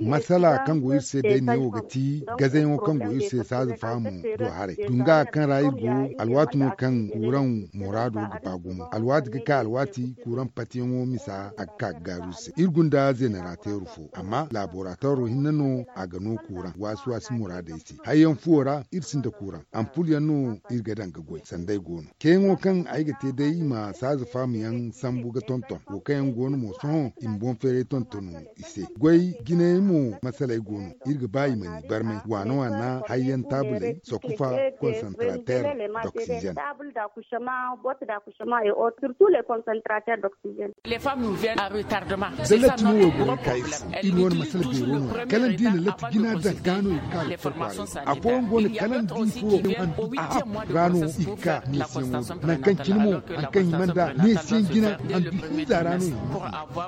masala kango irse de ni wogati gazayin kango sa sazu famu do hare dunga kan rayi go alwatu kan kuran muradu ga bagumu alwatu ga ka alwati kuran patiyango misa akka garuse irgunda generate rufo amma laboratoro hinano a gano kuran wasu wasu murada yace hayyan fuwara irsin da kuran ampul yanu irgadan ga goy sandai gono kengo kan aigate dai ma sa sazu famu yan sambu ga tonton ko kayan gono mo son no in bon fere ton tonu ise gwai gine mu masala e gono irga bayi mani barme wana wana hayyan so kufa concentrateur d'oxygène les femmes nous viennent à retardement zalat mu wo gon kais in won masal be wono kalan dina lat gina da gano ikal akon gon kalan din fo an ah, gano ikka ni sin na kan kinmu an kan himanda ni sin gina an bi zarano